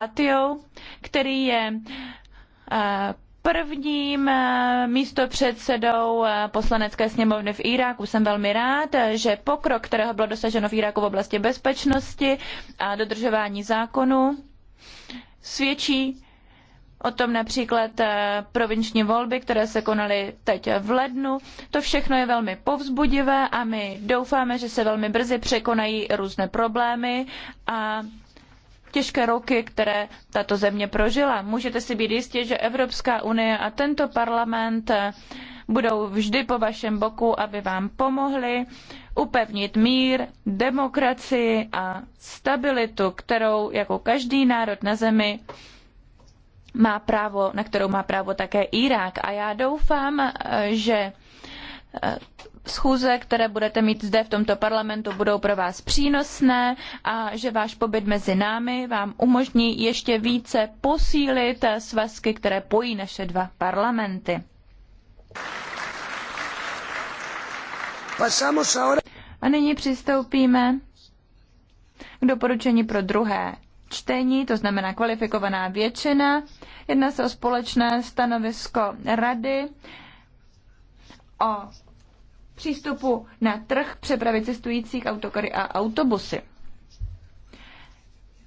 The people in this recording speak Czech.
Atiou, který je eh, prvním eh, místopředsedou eh, poslanecké sněmovny v Iráku. Jsem velmi rád, že pokrok, kterého bylo dosaženo v Iráku v oblasti bezpečnosti a dodržování zákonu, svědčí o tom například provinční volby, které se konaly teď v lednu. To všechno je velmi povzbudivé a my doufáme, že se velmi brzy překonají různé problémy a těžké roky, které tato země prožila. Můžete si být jistí, že Evropská unie a tento parlament eh, budou vždy po vašem boku, aby vám pomohli upevnit mír, demokracii a stabilitu, kterou jako každý národ na zemi má právo, na kterou má právo také Irák. A já doufám, eh, že Eh, schůze, které budete mít zde v tomto parlamentu, budou pro vás přínosné a že váš pobyt mezi námi vám umožní ještě více posílit eh, svazky, které pojí naše dva parlamenty. A nyní přistoupíme k doporučení pro druhé čtení, to znamená kvalifikovaná většina. Jedná se o společné stanovisko Rady o přístupu na trh přepravy cestujících autokary a autobusy.